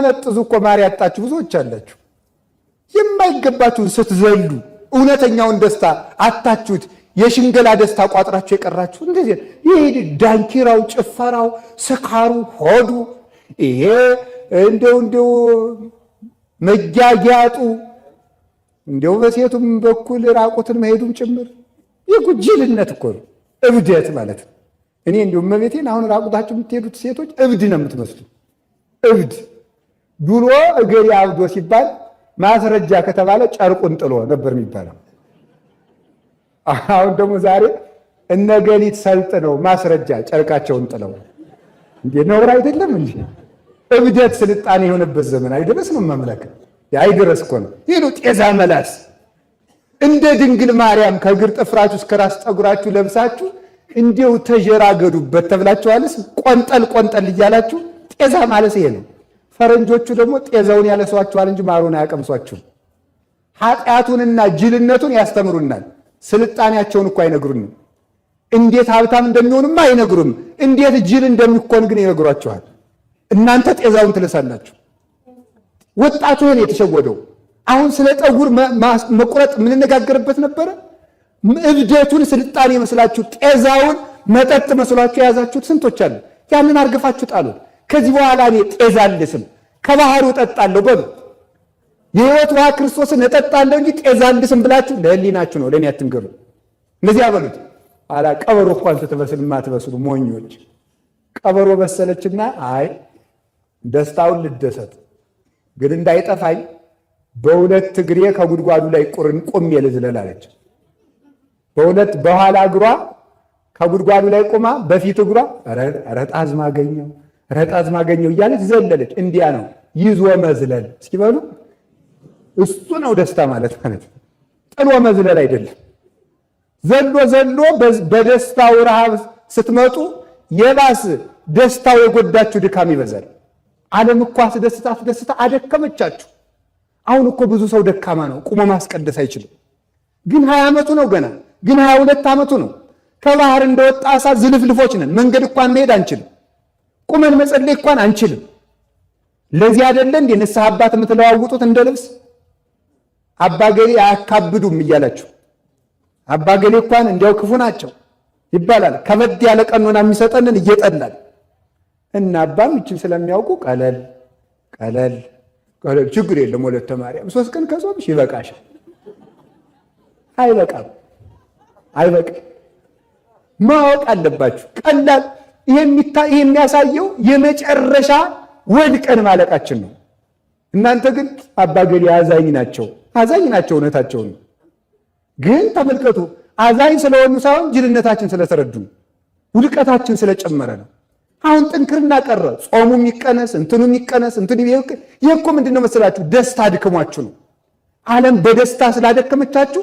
የምታመጥዙ እኮ ማር ያጣችሁ ብዙዎች አላችሁ። የማይገባችሁን ስትዘሉ እውነተኛውን ደስታ አታችሁት። የሽንገላ ደስታ ቋጥራችሁ የቀራችሁ እንደዚህ ይህ ዳንኪራው፣ ጭፈራው፣ ስካሩ፣ ሆዱ ይሄ እንደው እንደው መጃጊያጡ እንደው በሴቱም በኩል ራቁትን መሄዱም ጭምር የጉጅልነት እኮ ነው፣ እብደት ማለት ነው። እኔ እንደው እመቤቴን አሁን ራቁታችሁ የምትሄዱት ሴቶች እብድ ነው የምትመስሉ እብድ ድሮ እገሌ አብዶ ሲባል ማስረጃ ከተባለ ጨርቁን ጥሎ ነበር የሚባለው። አሁን ደግሞ ዛሬ እነገሊት ሰልጥነው ማስረጃ ጨርቃቸውን ጥለው እንዴ ነውር አይደለም እንዴ? እብደት ስልጣኔ የሆነበት ዘመን አይደረስ ነው መምለክ አይደረስ እኮ ነው። ነው ጤዛ መላስ። እንደ ድንግል ማርያም ከእግር ጥፍራችሁ እስከ ራስ ጠጉራችሁ ለብሳችሁ እንዲው ተጀራገዱበት ተብላችኋልስ? ቆንጠል ቆንጠል እያላችሁ ጤዛ ማለት ይሄ ነው። ፈረንጆቹ ደግሞ ጤዛውን ያለሷችኋል እንጂ ማሩን አያቀምሷችሁም። ኃጢአቱንና ጅልነቱን ያስተምሩናል። ስልጣኔያቸውን እኮ አይነግሩንም። እንዴት ሀብታም እንደሚሆንም አይነግሩም። እንዴት ጅል እንደሚኮን ግን ይነግሯቸዋል? እናንተ ጤዛውን ትለሳላችሁ? ወጣቱ ሆን የተሸወደው። አሁን ስለ ጠጉር መቁረጥ የምንነጋገርበት ነበረ። እብደቱን ስልጣኔ መስላችሁ ጤዛውን መጠጥ መስሏችሁ የያዛችሁት ስንቶች አሉ። ያንን አርግፋችሁ ጣሉት። ከዚህ በኋላ እኔ ጤዛ አልስም፣ ከባህሩ እጠጣለሁ። በሉ የህይወት ውሃ ክርስቶስን እጠጣለሁ እንጂ ጤዛ አልስም ብላችሁ ለህሊናችሁ ነው፣ ለእኔ አትንገሩ። እነዚያ በሉት አላ ቀበሮ እኳን ስትበስል ማትበስሉ ሞኞች። ቀበሮ በሰለችና አይ ደስታውን ልደሰት ግን እንዳይጠፋኝ በሁለት እግሬ ከጉድጓዱ ላይ ቁርን ቁም ልዝለል አለች። በሁለት በኋላ እግሯ ከጉድጓዱ ላይ ቁማ በፊት እግሯ ረጣዝማ ማገኘው ረጣዝ ማገኘው እያለች ዘለለች። እንዲያ ነው ይዞ መዝለል። እስኪ በሉ እሱ ነው ደስታ ማለት ማለት ጥሎ መዝለል አይደለም። ዘሎ ዘሎ በደስታው ረሃብ ስትመጡ የባስ ደስታው የጎዳችሁ ድካም ይበዛል። ዓለም እኮ አስደስታ አስደስታ አደከመቻችሁ። አሁን እኮ ብዙ ሰው ደካማ ነው፣ ቁሞ ማስቀደስ አይችልም። ግን ሀያ ዓመቱ ነው ገና፣ ግን ሀያ ሁለት ዓመቱ ነው። ከባህር እንደወጣ አሳ ዝልፍልፎች ነን። መንገድ እንኳን መሄድ አንችልም። ቁመን መጸለይ እንኳን አንችልም። ለዚህ አይደለ እንዴ ንስሐ አባት የምትለዋውጡት እንደ ልብስ አባገሌ አያካብዱም እያላችሁ አባገሌ እንኳን እንዲያው ክፉ ናቸው ይባላል። ከበድ ያለ ቀኖና የሚሰጠንን እየጠላል እና አባ ምችም ስለሚያውቁ ቀለል ቀለል ቀለል ችግር የለም ወለተ ማርያም ሶስት ቀን ከጾምሽ ይበቃሻል። አይበቃም አይበቃም። ማወቅ አለባችሁ ቀላል የሚያሳየው የመጨረሻ ወድቀን ማለቃችን ነው። እናንተ ግን አባገሌ አዛኝ ናቸው፣ አዛኝ ናቸው፣ እውነታቸው ነው። ግን ተመልከቱ፣ አዛኝ ስለሆኑ ሳይሆን ጅልነታችን ስለተረዱ ውድቀታችን ስለጨመረ ነው። አሁን ጥንክርና ቀረ። ጾሙ የሚቀነስ እንትኑ የሚቀነስ እንትኑ ይህ እኮ ምንድን ነው መሰላችሁ? ደስታ አድክሟችሁ ነው። ዓለም በደስታ ስላደከመቻችሁ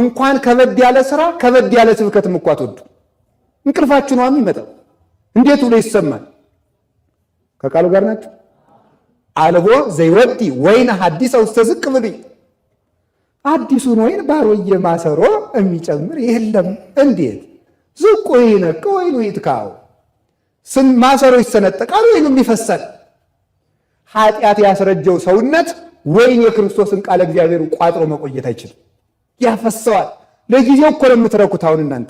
እንኳን ከበድ ያለ ስራ ከበድ ያለ ስብከትም እኮ አትወዱ። እንቅልፋችሁ ነው የሚመጣው። እንዴት ብሎ ይሰማል? ከቃሉ ጋር ናቸው። አልቦ ዘይወዲ ወይን ሐዲስ ውስተ ዝቅ ብሉይ አዲሱን ወይን ባሮየ ማሰሮ የሚጨምር የለም። እንዴት ዝቁ ይነቀ ወይኑ ይትካው ስን ማሰሮ ይሰነጠቃል፣ ወይኑም ይፈሳል። ኃጢአት ያስረጀው ሰውነት ወይን የክርስቶስን ቃል እግዚአብሔር ቋጥሮ መቆየት አይችልም፣ ያፈሰዋል። ለጊዜው እኮ ነው የምትረኩት። አሁን እናንተ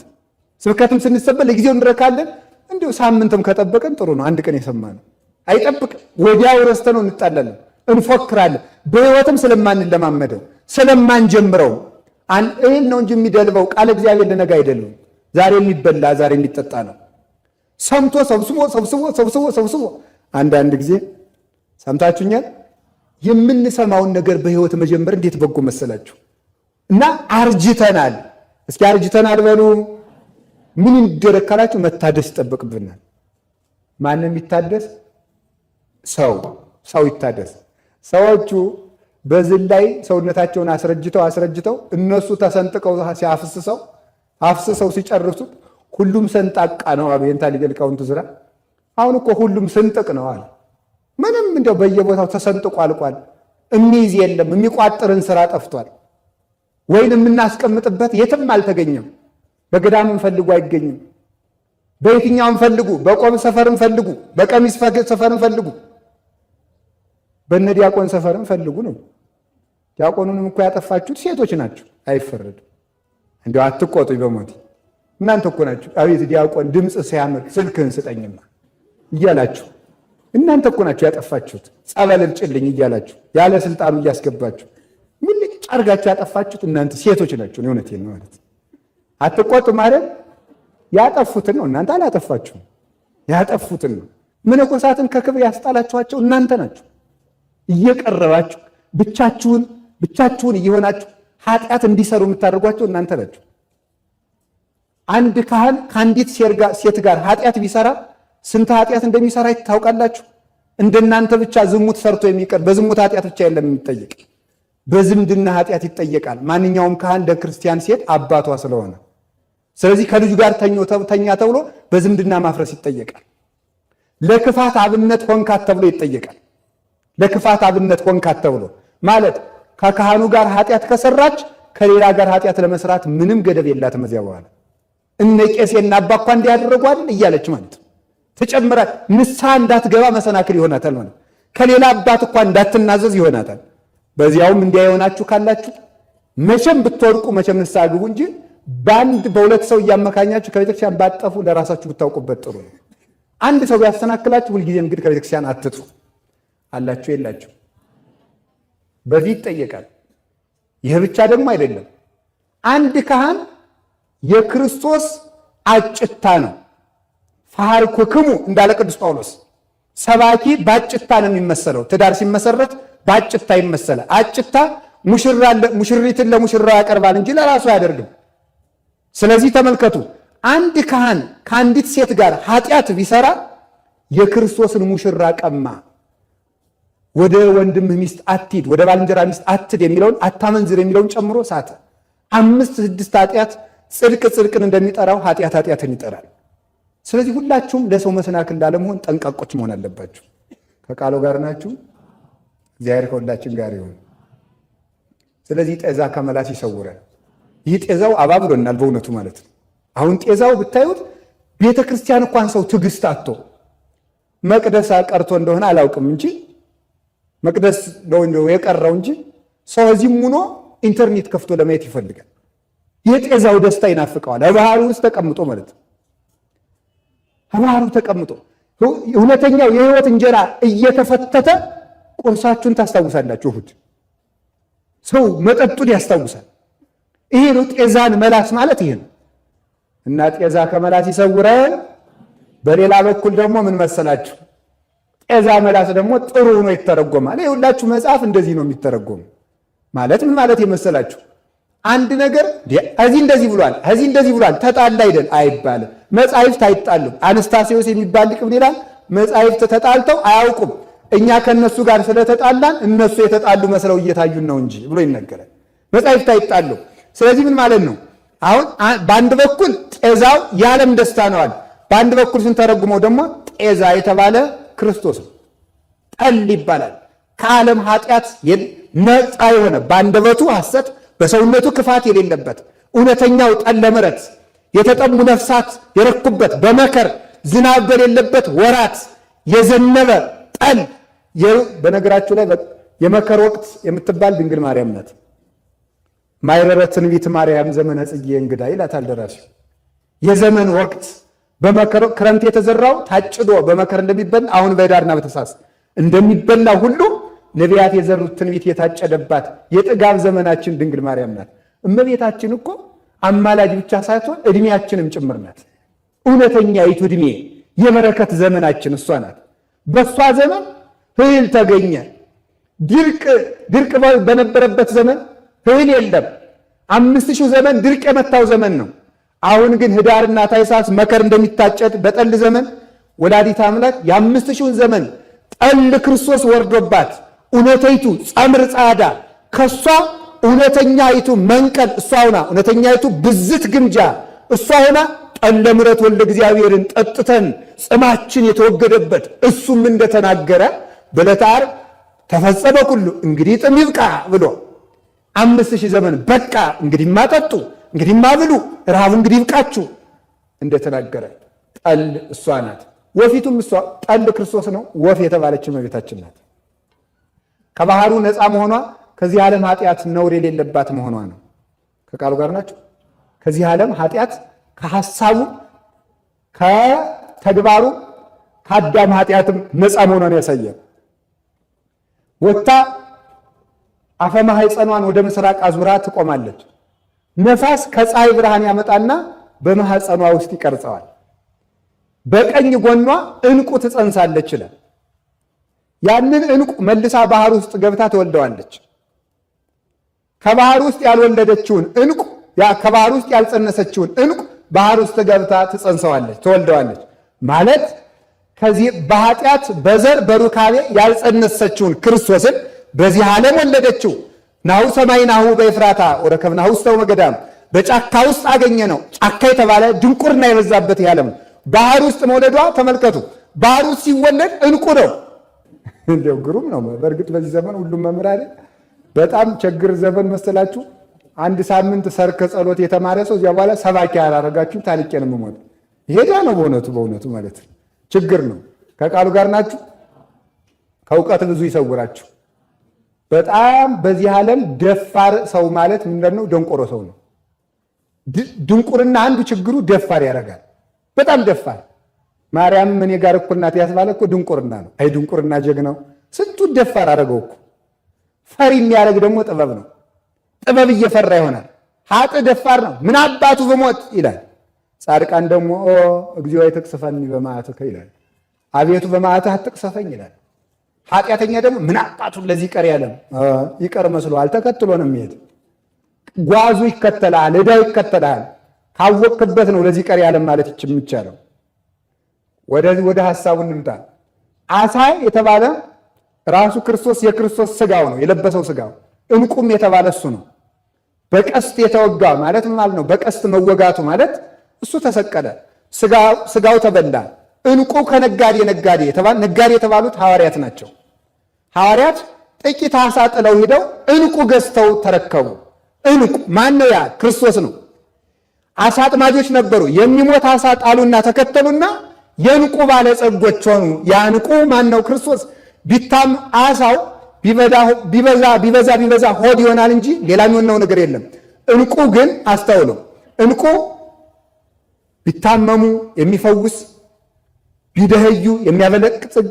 ስብከትም ስንሰበል ለጊዜው እንረካለን። እንዲሁ ሳምንትም ከጠበቀን ጥሩ ነው። አንድ ቀን የሰማ ነው አይጠብቅም። ወዲያው ረስተ ነው እንጣላለን፣ እንፎክራለን። በህይወትም ስለማንለማመደው ስለማንጀምረው እህል ነው እንጂ የሚደልበው ቃል እግዚአብሔር ለነገ አይደለም። ዛሬ የሚበላ ዛሬ የሚጠጣ ነው። ሰምቶ ሰብስቦ ሰብስቦ ሰብስቦ ሰብስቦ አንዳንድ ጊዜ ሰምታችሁኛል። የምንሰማውን ነገር በህይወት መጀመር እንዴት በጎ መሰላችሁ! እና አርጅተናል። እስኪ አርጅተናል በሉ ምን ይደረግ ካላችሁ መታደስ ይጠበቅብናል። ማንም ይታደስ ሰው ሰው ይታደስ። ሰዎቹ በዝል ላይ ሰውነታቸውን አስረጅተው አስረጅተው እነሱ ተሰንጥቀው ሲያፍስሰው አፍስሰው ሲጨርሱት ሁሉም ሰንጣቃ ነው አሉ የንታሊቀ ሊቃውንቱ አሁን እኮ ሁሉም ስንጥቅ ነው አሉ። ምንም እንደው በየቦታው ተሰንጥቆ አልቋል። እሚይዝ የለም። የሚቋጥርን ስራ ጠፍቷል። ወይን የምናስቀምጥበት የትም አልተገኘም። በገዳምም ፈልጉ አይገኝም። በየትኛውም ፈልጉ፣ በቆም ሰፈርም ፈልጉ፣ በቀሚስ ሰፈርም ፈልጉ፣ በነ ዲያቆን ሰፈርም ፈልጉ ነው። ዲያቆኑንም እኮ ያጠፋችሁት ሴቶች ናቸው፣ አይፈረድ እንዲ አትቆጡኝ በሞት እናንተ እኮ ናችሁ። አቤት ዲያቆን ድምፅ ሲያምር ስልክህን ስጠኝማ እያላችሁ እናንተ እኮ ናችሁ ያጠፋችሁት። ጸበል ጭልኝ እያላችሁ ያለ ስልጣኑ እያስገባችሁ ምን አድርጋችሁ ያጠፋችሁት እናንተ ሴቶች ናችሁ። እውነቴን ነው ማለት አትቆጡ ማለት ያጠፉትን ነው። እናንተ አላጠፋችሁ፣ ያጠፉትን ነው። መነኮሳትን ከክብር ያስጣላችኋቸው እናንተ ናችሁ። እየቀረባችሁ ብቻችሁን ብቻችሁን እየሆናችሁ ኃጢአት እንዲሰሩ የምታደርጓቸው እናንተ ናችሁ። አንድ ካህን ከአንዲት ሴት ጋር ኃጢአት ቢሰራ ስንት ኃጢአት እንደሚሰራ ታውቃላችሁ? እንደናንተ ብቻ ዝሙት ሰርቶ የሚቀር በዝሙት ኃጢአት ብቻ የለም የሚጠየቅ፣ በዝምድና ኃጢአት ይጠየቃል። ማንኛውም ካህን ለክርስቲያን ሴት አባቷ ስለሆነ ስለዚህ ከልጁ ጋር ተኛ ተብሎ በዝምድና ማፍረስ ይጠየቃል። ለክፋት አብነት ሆንካት ተብሎ ይጠየቃል። ለክፋት አብነት ሆንካት ተብሎ ማለት ከካህኑ ጋር ኃጢአት ከሰራች ከሌላ ጋር ኃጢአት ለመስራት ምንም ገደብ የላትም። እዚያ በኋላ እነ ቄሴና አባኳ እንዲያደረጓል እያለች ማለት ተጨምራ ንስሐ እንዳትገባ መሰናክል ይሆናታል ማለት ከሌላ አባት እኳ እንዳትናዘዝ ይሆናታል። በዚያውም እንዲያ የሆናችሁ ካላችሁ መቼም ብትወድቁ መቼም ንስሐ ግቡ እንጂ በአንድ በሁለት ሰው እያመካኛችሁ ከቤተክርስቲያን ባጠፉ ለራሳችሁ ብታውቁበት ጥሩ ነው። አንድ ሰው ቢያስተናክላችሁ ሁልጊዜ እንግዲህ ከቤተክርስቲያን አትጥፉ። አላችሁ የላችሁ በዚህ ይጠየቃል። ይህ ብቻ ደግሞ አይደለም። አንድ ካህን የክርስቶስ አጭታ ነው። ኩክሙ እንዳለ ቅዱስ ጳውሎስ ሰባኪ በአጭታ ነው የሚመሰለው። ትዳር ሲመሰረት በአጭታ ይመሰለ። አጭታ ሙሽሪትን ለሙሽራ ያቀርባል እንጂ ለራሱ አያደርግም። ስለዚህ ተመልከቱ፣ አንድ ካህን ከአንዲት ሴት ጋር ኃጢአት ቢሰራ የክርስቶስን ሙሽራ ቀማ። ወደ ወንድምህ ሚስት አትሂድ፣ ወደ ባልንጀራ ሚስት አትድ የሚለውን አታመንዝር የሚለውን ጨምሮ ሳተ። አምስት ስድስት ኃጢአት ጽድቅ ጽድቅን እንደሚጠራው ኃጢአት ኃጢአትን ይጠራል። ስለዚህ ሁላችሁም ለሰው መሰናክል እንዳለመሆን ጠንቃቆች መሆን አለባችሁ። ከቃሉ ጋር ናችሁ። እግዚአብሔር ከሁላችን ጋር ይሁን። ስለዚህ ጠዛ ከመላስ ይሰውረን። ይህ ጤዛው አባብሎናል በእውነቱ ማለት ነው። አሁን ጤዛው ብታዩት ቤተ ክርስቲያን እንኳን ሰው ትዕግስት አቶ መቅደስ ቀርቶ እንደሆነ አላውቅም እንጂ መቅደስ ነው የቀረው እንጂ ሰው እዚህም ሆኖ ኢንተርኔት ከፍቶ ለማየት ይፈልጋል። የጤዛው ደስታ ይናፍቀዋል። ባህሩ ውስጥ ተቀምጦ ማለት ነው። ባህሩ ተቀምጦ እውነተኛው የህይወት እንጀራ እየተፈተተ ቁርሳችሁን ታስታውሳላችሁ። እሑድ ሰው መጠጡን ያስታውሳል። ይሄ ጤዛን መላስ ማለት ይሄ ነው እና ጤዛ ከመላስ ይሰውረን። በሌላ በኩል ደግሞ ምን መሰላችሁ ጤዛ መላስ ደግሞ ጥሩ ሆኖ ይተረጎማል። ይሄ ሁላችሁ መጽሐፍ እንደዚህ ነው የሚተረጎም። ማለት ምን ማለት የመሰላችሁ አንድ ነገር እዚህ እንደዚህ ብሏል፣ እዚህ እንደዚህ ብሏል፣ ተጣላ አይደል አይባልም። መጻሕፍት አይጣሉም። አነስታሴዎስ የሚባል ሊቅ ምን ይላል? መጻሕፍት ተጣልተው አያውቁም። እኛ ከእነሱ ጋር ስለተጣላን እነሱ የተጣሉ መስለው እየታዩን ነው እንጂ ብሎ ይነገራል። መጻሕፍት አይጣሉም። ስለዚህ ምን ማለት ነው? አሁን በአንድ በኩል ጤዛው የዓለም ደስታ ነው አለ። በአንድ በኩል ስንተረጉመው ደግሞ ጤዛ የተባለ ክርስቶስ ነው። ጠል ይባላል። ከዓለም ኃጢአት ነፃ የሆነ በአንደበቱ ሐሰት በሰውነቱ ክፋት የሌለበት እውነተኛው ጠለ ምሕረት የተጠሙ ነፍሳት የረኩበት በመከር ዝናብ በሌለበት ወራት የዘነበ ጠል። በነገራችሁ ላይ የመከር ወቅት የምትባል ድንግል ማርያም ናት። ማይረበ ትንቢት ማርያም ዘመነ ጽጌ እንግዳ ይላታል ደራሲ። የዘመን ወቅት ክረምት የተዘራው ታጭዶ በመከር እንደሚበላ አሁን በዳርና በተሳስ እንደሚበላ ሁሉ ነቢያት የዘሩት ትንቢት የታጨደባት የጥጋብ ዘመናችን ድንግል ማርያም ናት። እመቤታችን እኮ አማላጅ ብቻ ሳትሆን እድሜያችንም ጭምር ናት። እውነተኛ ይቱ እድሜ የበረከት ዘመናችን እሷ ናት። በእሷ ዘመን እህል ተገኘ። ድርቅ በነበረበት ዘመን እህል የለም። አምስት ሺህ ዘመን ድርቅ የመታው ዘመን ነው። አሁን ግን ህዳርና ታኅሳስ መከር እንደሚታጨድ በጠል ዘመን ወላዲት አምላክ የአምስት ሺውን ዘመን ጠል ክርስቶስ ወርዶባት እውነተይቱ ጸምር ጻዳ ከሷ እውነተኛይቱ መንቀል እሷ ሆና እውነተኛይቱ ብዝት ግምጃ እሷ ሆና ጠለ ምሕረት ወልደ እግዚአብሔርን ጠጥተን ጽማችን የተወገደበት እሱም እንደተናገረ በዕለተ ዓርብ ተፈጸመ ኩሉ እንግዲህ ጥም ይብቃ ብሎ አምስት ሺህ ዘመን በቃ እንግዲህ ማጠጡ እንግዲህ ማብሉ ረሃቡ እንግዲህ ይብቃችሁ እንደተናገረ ጠል እሷ ናት። ወፊቱም እሷ ጠል ክርስቶስ ነው። ወፍ የተባለች እመቤታችን ናት። ከባህሩ ነፃ መሆኗ ከዚህ ዓለም ኃጢአት ነውር የሌለባት መሆኗ ነው። ከቃሉ ጋር ናቸው። ከዚህ ዓለም ኃጢአት ከሐሳቡ ከተግባሩ ከአዳም ኃጢአትም ነፃ መሆኗን ያሳያል። ወታ አፈማ ወደ ምስራቅ አዙራ ትቆማለች። ነፋስ ከፀሐይ ብርሃን ያመጣና በማኅፀኗ ውስጥ ይቀርጸዋል። በቀኝ ጎኗ እንቁ ትጸንሳለች ይላል። ያንን እንቁ መልሳ ባህር ውስጥ ገብታ ትወልደዋለች። ከባህር ውስጥ ያልወለደችውን ዕንቁ ከባህር ውስጥ ያልጸነሰችውን እንቁ ባህር ውስጥ ገብታ ትጸንሰዋለች፣ ትወልደዋለች ማለት ከዚህ በኃጢአት በዘር በሩካቤ ያልጸነሰችውን ክርስቶስን በዚህ ዓለም ወለደችው። ናሁ ሰማይ ናሁ በኤፍራታ ወረከብ ናሁ ውስተ መገዳም በጫካ ውስጥ አገኘ ነው። ጫካ የተባለ ድንቁርና የበዛበት ያለም ባህር ውስጥ መውለዷ ተመልከቱ። ባህር ውስጥ ሲወለድ እንቁ ነው። እንደው ግሩም ነው። በእርግጥ በዚህ ዘመን ሁሉም መምህር አይደል? በጣም ችግር ዘመን መሰላችሁ። አንድ ሳምንት ሰርከ ጸሎት የተማረ ሰው እዚያ በኋላ ሰባኪ ያላረጋችሁ ታልቄ ነው የምሞት። ይሄዳ ነው በእውነቱ በእውነቱ ማለት ችግር ነው። ከቃሉ ጋር ናችሁ። ከእውቀት ብዙ ይሰውራችሁ። በጣም በዚህ ዓለም ደፋር ሰው ማለት ምንድነው ደንቆሮ ሰው ነው። ድንቁርና አንዱ ችግሩ ደፋር ያደርጋል። በጣም ደፋር ማርያም እኔ ጋር እኩል ናት ያስባለ እኮ ድንቁርና ነው። አይ ድንቁርና ጀግናው ስንቱ ደፋር አደረገው እኮ። ፈሪ የሚያደርግ ደግሞ ጥበብ ነው። ጥበብ እየፈራ ይሆናል። ሀጥ ደፋር ነው። ምን አባቱ በሞት ይላል። ጻድቃን ደግሞ እግዚኦ አይትቅሰፈኒ በመዓትከ ይላል። አቤቱ በመዓትህ አትቅሰፈኝ ይላል። ኃጢአተኛ ደግሞ ምን አባቱን ለዚህ ይቀር ያለም ይቀር መስሎ አልተከትሎ ነው የሚሄድ። ጓዙ ይከተላል፣ እዳ ይከተላል። ካወቅክበት ነው ለዚህ ቀር ያለም ማለት ይች የሚቻለው። ወደ ሀሳቡ እንምጣ። አሳ የተባለ ራሱ ክርስቶስ የክርስቶስ ስጋው ነው የለበሰው ስጋው። እንቁም የተባለ እሱ ነው። በቀስት የተወጋ ማለት ማለት ነው። በቀስት መወጋቱ ማለት እሱ ተሰቀለ፣ ስጋው ተበላ። እንቁ ከነጋዴ ነጋዴ ነጋዴ የተባሉት ሐዋርያት ናቸው። ሐዋርያት ጥቂት ዓሣ ጥለው ሂደው እንቁ ገዝተው ተረከቡ። እንቁ ማን ነው? ያ ክርስቶስ ነው። ዓሣ አጥማጆች ነበሩ። የሚሞት ዓሣ ጣሉና ተከተሉና የዕንቁ ባለጸጎች ሆኑ። ያንቁ ማን ነው? ክርስቶስ። ቢታም ዓሣው ቢበዛ ቢበዛ ቢበዛ ሆድ ይሆናል እንጂ ሌላ የሚሆነው ነገር የለም። እንቁ ግን አስተውሉ፣ እንቁ ቢታመሙ የሚፈውስ ቢደህዩ የሚያበለቅጽግ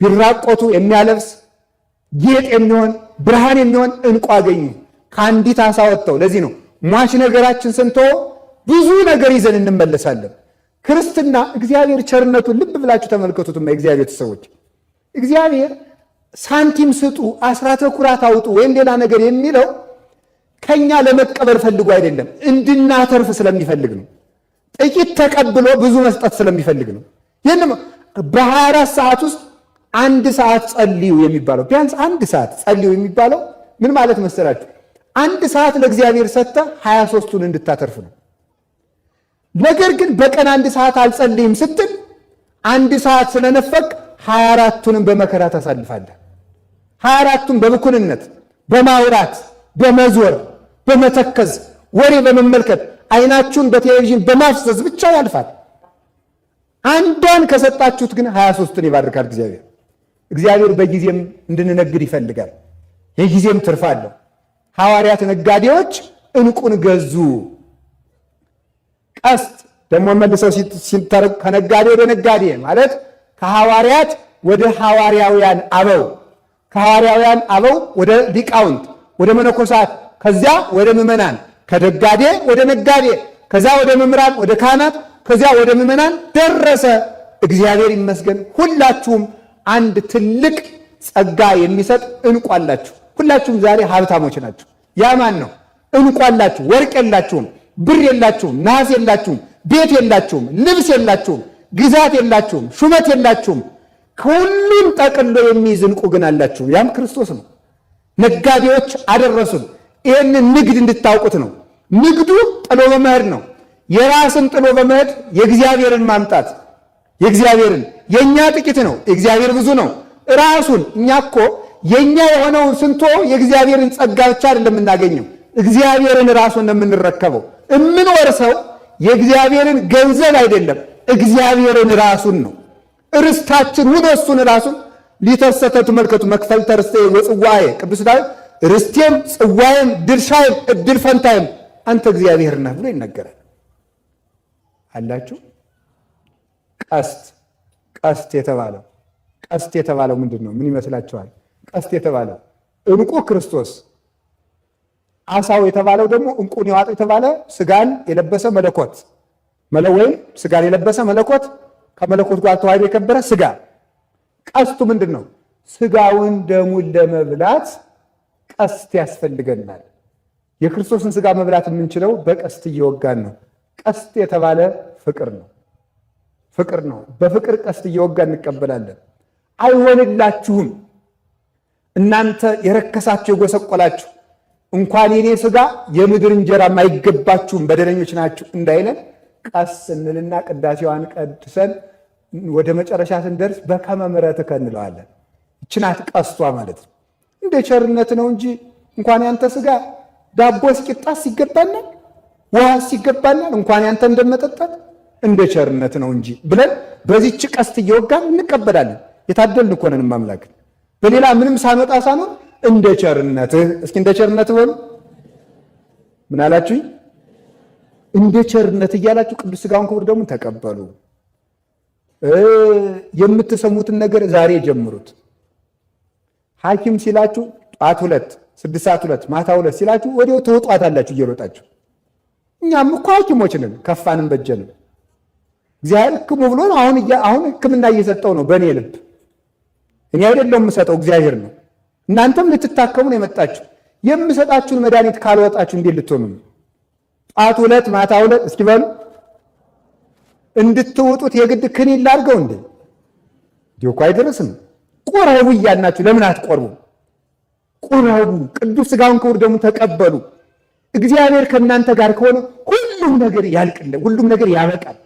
ቢራቆቱ የሚያለብስ ጌጥ የሚሆን ብርሃን የሚሆን እንቁ አገኙ ከአንዲት አሳ ወጥተው። ለዚህ ነው ሟች ነገራችን ስንቶ ብዙ ነገር ይዘን እንመለሳለን። ክርስትና እግዚአብሔር ቸርነቱን ልብ ብላችሁ ተመልከቱትማ። የእግዚአብሔር ሰዎች እግዚአብሔር ሳንቲም ስጡ፣ አስራተ ኩራት አውጡ ወይም ሌላ ነገር የሚለው ከኛ ለመቀበል ፈልጎ አይደለም፣ እንድናተርፍ ስለሚፈልግ ነው። ጥቂት ተቀብሎ ብዙ መስጠት ስለሚፈልግ ነው። ይህን በ24 ሰዓት ውስጥ አንድ ሰዓት ጸልዩ የሚባለው ቢያንስ አንድ ሰዓት ጸልዩ የሚባለው ምን ማለት መሰላችሁ? አንድ ሰዓት ለእግዚአብሔር ሰጥተ ሀያ ሦስቱን እንድታተርፍ ነው። ነገር ግን በቀን አንድ ሰዓት አልጸልይም ስትል አንድ ሰዓት ስለነፈቅ ሀያ አራቱንም በመከራ ታሳልፋለህ። ሀያ አራቱን በብኩንነት፣ በማውራት፣ በመዞር፣ በመተከዝ፣ ወሬ በመመልከት፣ አይናችሁን በቴሌቪዥን በማፍሰስ ብቻ ያልፋል። አንዷን ከሰጣችሁት ግን ሀያ ሦስቱን ይባርካል እግዚአብሔር። እግዚአብሔር በጊዜም እንድንነግድ ይፈልጋል። የጊዜም ትርፍ አለው። ሐዋርያት ነጋዴዎች እንቁን ገዙ። ቀስት ደግሞ መልሰው ሲተረጉ ከነጋዴ ወደ ነጋዴ ማለት ከሐዋርያት ወደ ሐዋርያውያን አበው ከሐዋርያውያን አበው ወደ ሊቃውንት ወደ መነኮሳት ከዚያ ወደ ምዕመናን ከነጋዴ ወደ ነጋዴ ከዚያ ወደ መምህራን ወደ ካህናት ከዚያ ወደ ምዕመናን ደረሰ። እግዚአብሔር ይመስገን ሁላችሁም አንድ ትልቅ ጸጋ የሚሰጥ እንቁ አላችሁ። ሁላችሁም ዛሬ ሀብታሞች ናችሁ። ያ ማን ነው? እንቁ አላችሁ። ወርቅ የላችሁም፣ ብር የላችሁም፣ ነሐስ የላችሁም፣ ቤት የላችሁም፣ ልብስ የላችሁም፣ ግዛት የላችሁም፣ ሹመት የላችሁም። ከሁሉም ጠቅሎ የሚይዝ እንቁ ግን አላችሁ። ያም ክርስቶስ ነው። ነጋዴዎች አደረሱን። ይህንን ንግድ እንድታውቁት ነው። ንግዱ ጥሎ በመሄድ ነው። የራስን ጥሎ በመሄድ የእግዚአብሔርን ማምጣት የእግዚአብሔርን የእኛ ጥቂት ነው፣ እግዚአብሔር ብዙ ነው። ራሱን እኛ እኮ የእኛ የሆነውን ስንቶ የእግዚአብሔርን ጸጋ ብቻ አይደለም የምናገኘው፣ እግዚአብሔርን ራሱን ነው የምንረከበው። እምንወርሰው የእግዚአብሔርን ገንዘብ አይደለም፣ እግዚአብሔርን ራሱን ነው። ርስታችን ሁኖ እሱን ራሱን ሊተሰተ ትመልከቱ መክፈል ተርስቴ ወጽዋዬ ቅዱስ ዳዊት ርስቴም ጽዋዬም ድርሻዬም እድል ፈንታዬም አንተ እግዚአብሔር ነህ ብሎ ይነገራል። አላችሁ ቀስት ቀስት የተባለው ቀስት የተባለው ምንድን ነው? ምን ይመስላችኋል? ቀስት የተባለው እንቁ ክርስቶስ፣ አሳው የተባለው ደግሞ እንቁን የዋጠው የተባለ ስጋን የለበሰ መለኮት ወይም ስጋን የለበሰ መለኮት ከመለኮት ጋር ተዋህዶ የከበረ ስጋ። ቀስቱ ምንድን ነው? ስጋውን ደሙን ለመብላት ቀስት ያስፈልገናል። የክርስቶስን ስጋ መብላት የምንችለው በቀስት እየወጋን ነው። ቀስት የተባለ ፍቅር ነው። ፍቅር ነው። በፍቅር ቀስት እየወጋ እንቀበላለን። አይሆንላችሁም እናንተ የረከሳችሁ የጎሰቆላችሁ እንኳን የኔ ስጋ የምድር እንጀራ አይገባችሁም በደለኞች ናችሁ እንዳይለን ቀስ እንልና ቅዳሴዋን ቀድሰን ወደ መጨረሻ ስንደርስ በከመ ምሕረትከ እንለዋለን። ይችናት ቀስቷ ማለት ነው። እንደ ቸርነት ነው እንጂ እንኳን ያንተ ስጋ ዳቦ እስቂጣስ ይገባናል፣ ውሃስ ይገባናል፣ እንኳን ያንተ እንደመጠጣት እንደ ቸርነት ነው እንጂ ብለን በዚች ቀስት እየወጋን እንቀበላለን። የታደልን እኮ ነን በሌላ ምንም ሳመጣ ሳኖር እንደ ቸርነትህ። እስኪ እንደ ቸርነትህ በሉ። ምን አላችሁኝ? እንደ ቸርነት እያላችሁ ቅዱስ ስጋውን ክቡር ደግሞ ተቀበሉ። የምትሰሙትን ነገር ዛሬ ጀምሩት። ሐኪም ሲላችሁ ጣት ሁለት ስድስት ሰዓት ሁለት ማታ ሁለት ሲላችሁ ወዲያው ትወጧት አላችሁ እየሮጣችሁ። እኛም እኮ ሐኪሞች ነን ከፋንም በጀንም እግዚአብሔር ህክሙ ብሎ አሁን አሁን ሕክምና እየሰጠው ነው። በእኔ ልብ እኔ አይደለው የምሰጠው እግዚአብሔር ነው። እናንተም ልትታከሙ ነው የመጣችሁ። የምሰጣችሁን መድኃኒት ካልወጣችሁ እንዴት ልትሆኑ ነው? ሁለት ማታ ሁለት እስኪበሉ እንድትውጡት የግድ ክኒን ላድርገው እንዴ? እንዲሁ እኮ አይደረስም። ቁረቡ እያልናችሁ ለምን አትቆርቡ? ቁረቡ፣ ቅዱስ ስጋውን ክቡር ደግሞ ተቀበሉ። እግዚአብሔር ከእናንተ ጋር ከሆነ ሁሉም ነገር ያልቅለ ሁሉም ነገር ያበቃል።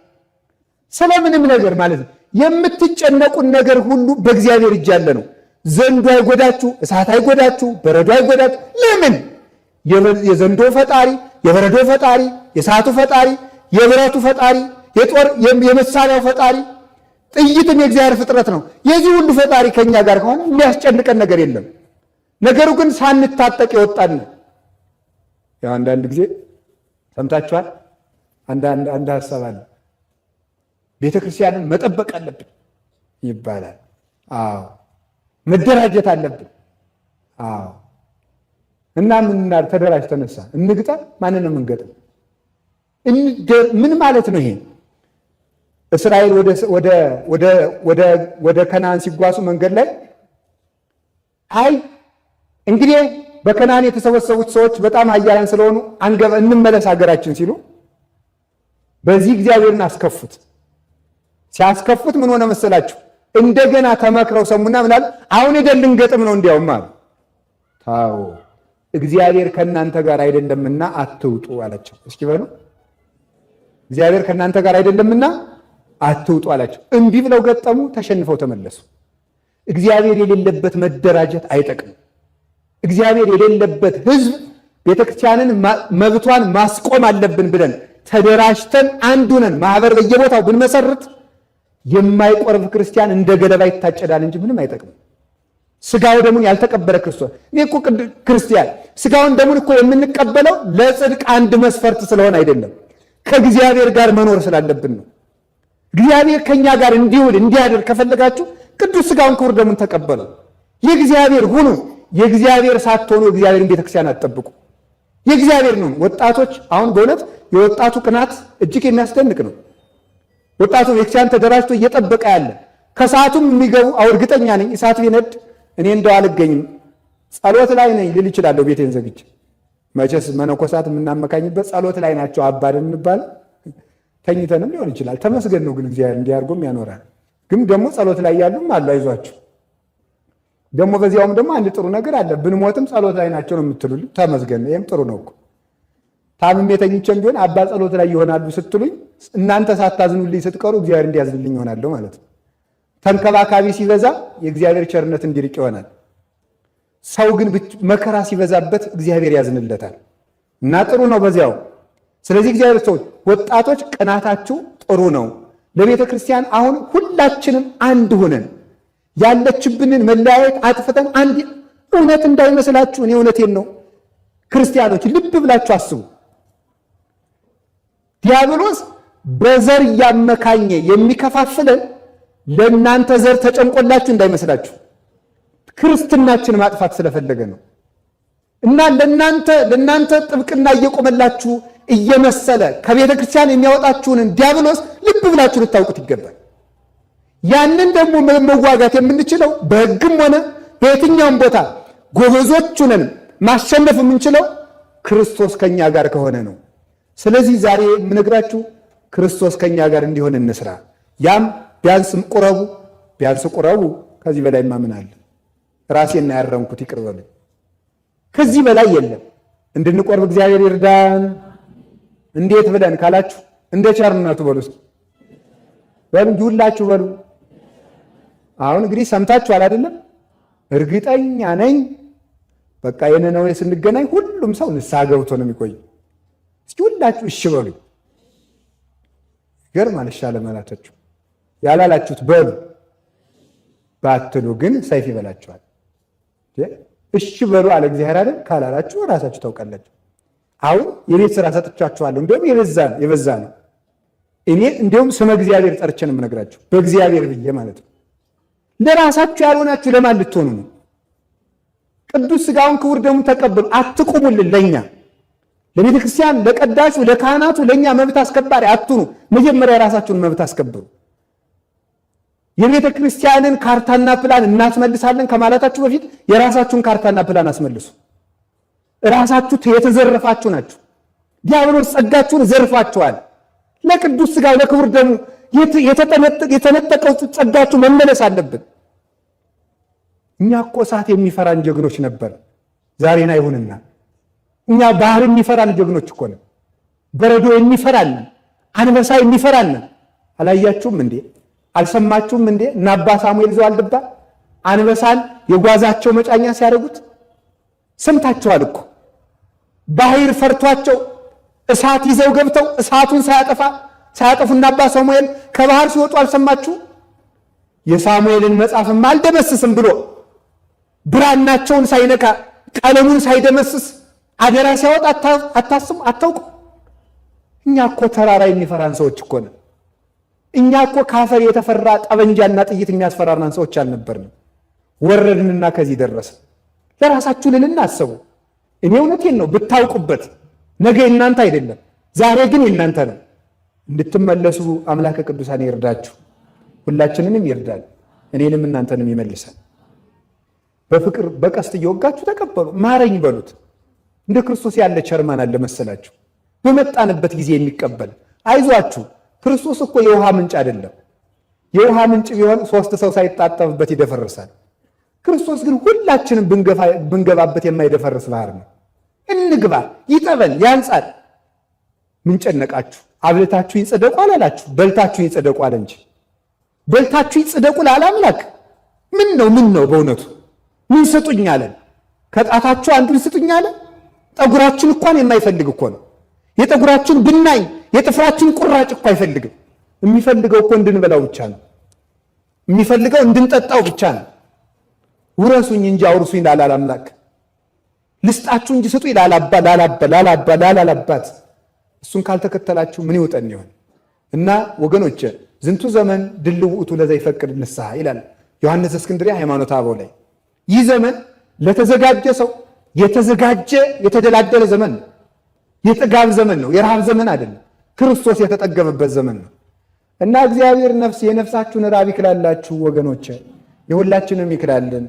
ስለምንም ነገር ማለት ነው። የምትጨነቁን ነገር ሁሉ በእግዚአብሔር እጅ ያለ ነው። ዘንዶ አይጎዳችሁ፣ እሳት አይጎዳችሁ፣ በረዶ አይጎዳችሁ። ለምን? የዘንዶ ፈጣሪ፣ የበረዶ ፈጣሪ፣ የእሳቱ ፈጣሪ፣ የብረቱ ፈጣሪ፣ የጦር የመሳሪያው ፈጣሪ፣ ጥይትም የእግዚአብሔር ፍጥረት ነው። የዚህ ሁሉ ፈጣሪ ከእኛ ጋር ከሆነ የሚያስጨንቀን ነገር የለም። ነገሩ ግን ሳንታጠቅ የወጣን ያው አንዳንድ ጊዜ ሰምታችኋል። አንድ ሀሳብ አለ ቤተ ክርስቲያንን መጠበቅ አለብን ይባላል። አዎ መደራጀት አለብን። አዎ እና ምን ተደራጅ ተነሳ እንግጣ ነው እንገጥም። ምን ማለት ነው ይሄ? እስራኤል ወደ ከናን ሲጓዙ መንገድ ላይ አይ እንግዲህ በከናን የተሰበሰቡት ሰዎች በጣም ኃያላን ስለሆኑ አንገበ እንመለስ ሀገራችን ሲሉ በዚህ እግዚአብሔርን አስከፉት። ሲያስከፉት ምን ሆነ መሰላችሁ? እንደገና ተመክረው ሰሙና ምናል አሁን ሄደን ገጥም ነው። እንዲያውም አሉ ታው እግዚአብሔር ከእናንተ ጋር አይደለምና አትውጡ አላቸው። እስኪ በሉ እግዚአብሔር ከእናንተ ጋር አይደለምና አትውጡ አላቸው። እምቢ ብለው ገጠሙ፣ ተሸንፈው ተመለሱ። እግዚአብሔር የሌለበት መደራጀት አይጠቅምም። እግዚአብሔር የሌለበት ህዝብ ቤተክርስቲያንን መብቷን ማስቆም አለብን ብለን ተደራጅተን አንዱነን ማህበር በየቦታው ብንመሰርት የማይቆርብ ክርስቲያን እንደ ገለባ ይታጨዳል እንጂ ምንም አይጠቅምም። ስጋው ደሙን ያልተቀበለ ክርስቶስ እኔ እኮ ክርስቲያን ስጋውን ደሙን እኮ የምንቀበለው ለጽድቅ አንድ መስፈርት ስለሆነ አይደለም፣ ከእግዚአብሔር ጋር መኖር ስላለብን ነው። እግዚአብሔር ከእኛ ጋር እንዲውል እንዲያደር ከፈለጋችሁ ቅዱስ ስጋውን ክቡር ደሙን ተቀበሉ። የእግዚአብሔር ሁኑ። የእግዚአብሔር ሳትሆኑ እግዚአብሔርን ቤተክርስቲያን አትጠብቁ። የእግዚአብሔር ነው። ወጣቶች አሁን በእውነት የወጣቱ ቅናት እጅግ የሚያስደንቅ ነው። ወጣቱ ቤተክርስቲያን ተደራጅቶ እየጠበቀ ያለ ከሰዓቱም የሚገቡ አው እርግጠኛ ነኝ እሳት ቢነድ እኔ እንደው አልገኝም ጸሎት ላይ ነኝ ልል እችላለሁ። ቤቴን ዘግቼ መቼስ መነኮሳት የምናመካኝበት ጸሎት ላይ ናቸው አባል እንባል ተኝተንም ሊሆን ይችላል። ተመስገን ነው ግን እግዚአብሔር እንዲያርጎም ያኖራል። ግን ደግሞ ጸሎት ላይ ያሉም አሉ። አይዟቸው ደግሞ በዚያውም ደግሞ አንድ ጥሩ ነገር አለ። ብንሞትም ጸሎት ላይ ናቸው ነው የምትሉልኝ። ተመስገን ነው። ይህም ጥሩ ነው እኮ ታምም የተኝቸን ቢሆን አባ ጸሎት ላይ ይሆናሉ ስትሉኝ እናንተ ሳታዝኑልኝ ስትቀሩ እግዚአብሔር እንዲያዝንልኝ ይሆናለሁ ማለት ነው። ተንከባካቢ ሲበዛ የእግዚአብሔር ቸርነት እንዲርቅ ይሆናል። ሰው ግን መከራ ሲበዛበት እግዚአብሔር ያዝንለታል እና ጥሩ ነው በዚያው። ስለዚህ እግዚአብሔር ሰዎች፣ ወጣቶች ቅናታችሁ ጥሩ ነው ለቤተ ክርስቲያን። አሁን ሁላችንም አንድ ሆነን ያለችብንን መለያየት አጥፍተን አንድ እውነት እንዳይመስላችሁ፣ እኔ እውነቴን ነው። ክርስቲያኖች ልብ ብላችሁ አስቡ። ዲያብሎስ በዘር እያመካኘ የሚከፋፍለን ለእናንተ ዘር ተጨምቆላችሁ እንዳይመስላችሁ ክርስትናችን ማጥፋት ስለፈለገ ነው። እና ለእናንተ ለእናንተ ጥብቅና እየቆመላችሁ እየመሰለ ከቤተ ክርስቲያን የሚያወጣችሁን ዲያብሎስ ልብ ብላችሁ ልታውቁት ይገባል። ያንን ደግሞ መዋጋት የምንችለው በሕግም ሆነ በየትኛውም ቦታ ጎበዞቹንን ማሸነፍ የምንችለው ክርስቶስ ከኛ ጋር ከሆነ ነው። ስለዚህ ዛሬ የምነግራችሁ ክርስቶስ ከኛ ጋር እንዲሆን እንስራ። ያም ቢያንስ ቁረቡ ቢያንስ ቁረቡ። ከዚህ በላይ ማምናለን ራሴና ያረምኩት ይቅር በሉኝ። ከዚህ በላይ የለም። እንድንቆርብ እግዚአብሔር ይርዳን። እንዴት ብለን ካላችሁ እንደ ቸርነቱ በሉ እስኪ በሉ እንጂ ሁላችሁ በሉ። አሁን እንግዲህ ሰምታችኋል አይደለም? እርግጠኛ ነኝ በቃ የነነው ስንገናኝ ሁሉም ሰው ንስሐ ገብቶ ነው የሚቆይ። እስኪ ሁላችሁ እሺ በሉኝ። ይገርማል። አልሻለም አላላችሁ ያላላችሁት በሉ ባትሉ ግን ሰይፍ ይበላችኋል። እሺ በሉ አለ እግዚአብሔር አይደል? ካላላችሁ ራሳችሁ ታውቃላችሁ። አሁን የቤት ስራ ሰጥቻችኋለሁ። እንዲሁም የበዛ ነው የበዛ ነው። እኔ እንዲሁም ስመ እግዚአብሔር ጠርቼ ነው የምነግራችሁ በእግዚአብሔር ብዬ ማለት ነው። ለራሳችሁ ያልሆናችሁ ለማን ልትሆኑ ነው? ቅዱስ ስጋውን ክቡር ደሙን ተቀብሉ፣ አትቁሙልን ለእኛ ለቤተ ክርስቲያን፣ ለቀዳሹ፣ ለካህናቱ፣ ለእኛ መብት አስከባሪ አትኑ። መጀመሪያ የራሳችሁን መብት አስከብሩ። የቤተ ክርስቲያንን ካርታና ፕላን እናስመልሳለን ከማለታችሁ በፊት የራሳችሁን ካርታና ፕላን አስመልሱ። ራሳችሁ የተዘረፋችሁ ናችሁ። ዲያብሎስ ጸጋችሁን ዘርፋችኋል። ለቅዱስ ስጋ ለክቡር ደሙ የተነጠቀው ጸጋችሁ መመለስ አለብን። እኛ እኮ እሳት የሚፈራን ጀግኖች ነበር፣ ዛሬን ይሁንና እኛ ባህር የሚፈራን ጀግኖች እኮ ነን። በረዶ የሚፈራን አንበሳ የሚፈራን አላያችሁም እንዴ? አልሰማችሁም እንዴ? እና አባ ሳሙኤል ዘዋልድባ አንበሳን የጓዛቸው መጫኛ ሲያደርጉት ሰምታችኋል እኮ። ባህር ፈርቷቸው እሳት ይዘው ገብተው እሳቱን ሳያጠፋ እና አባ ሳሙኤል ከባህር ሲወጡ አልሰማችሁ? የሳሙኤልን መጽሐፍም አልደመስስም ብሎ ብራናቸውን ሳይነካ ቀለሙን ሳይደመስስ አደራ ሲያወጥ አታስቡ አታውቁ። እኛ እኮ ተራራ የሚፈራን ሰዎች እኮ ነን። እኛ እኮ ከአፈር የተፈራ ጠበንጃና ጥይት የሚያስፈራራን ሰዎች አልነበርንም። ወረድንና ከዚህ ደረሰ። ለራሳችሁ ልልና አስቡ። እኔ እውነቴን ነው ብታውቁበት፣ ነገ የእናንተ አይደለም፣ ዛሬ ግን የእናንተ ነው። እንድትመለሱ አምላከ ቅዱሳን ይርዳችሁ፣ ሁላችንንም ይርዳል፣ እኔንም እናንተንም ይመልሳል። በፍቅር በቀስት እየወጋችሁ ተቀበሉ፣ ማረኝ በሉት። እንደ ክርስቶስ ያለ ቸርማን አለ መሰላችሁ? በመጣንበት ጊዜ የሚቀበል አይዟችሁ። ክርስቶስ እኮ የውሃ ምንጭ አይደለም። የውሃ ምንጭ ቢሆን ሶስት ሰው ሳይጣጠብበት ይደፈርሳል። ክርስቶስ ግን ሁላችንም ብንገባበት የማይደፈርስ ባህር ነው። እንግባ፣ ይጠበን፣ ያንጻል። ምንጨነቃችሁ አብልታችሁ ይጸደቁ አላላችሁ፣ በልታችሁ ይጸደቁ አለ እንጂ በልታችሁ ይጸደቁ ላለ አምላክ ምን ነው ምን ነው በእውነቱ ምን ስጡኝ አለን? ከጣታችሁ አንዱን ስጡኝ አለን? ጠጉራችን እንኳን የማይፈልግ እኮ ነው። የጠጉራችን ብናኝ የጥፍራችን ቁራጭ እኮ አይፈልግም። የሚፈልገው እኮ እንድንበላው ብቻ ነው። የሚፈልገው እንድንጠጣው ብቻ ነው። ውረሱኝ እንጂ አውርሱኝ ላላል አምላክ። ልስጣችሁ እንጂ ስጡ ይላል ላላባ ላላባ ላላባት። እሱን ካልተከተላችሁ ምን ይውጠን ይሆን እና ወገኖች ዝንቱ ዘመን ድል ውእቱ ለዛ ይፈቅድ ንስሐ ይላል ዮሐንስ እስክንድርያ ሃይማኖተ አበው ላይ ይህ ዘመን ለተዘጋጀ ሰው የተዘጋጀ የተደላደለ ዘመን ነው። የጥጋብ ዘመን ነው። የረሃብ ዘመን አይደለም። ክርስቶስ የተጠገበበት ዘመን ነው እና እግዚአብሔር ነፍስ የነፍሳችሁን ራብ ይክላላችሁ ወገኖች፣ የሁላችንም ይክላልን።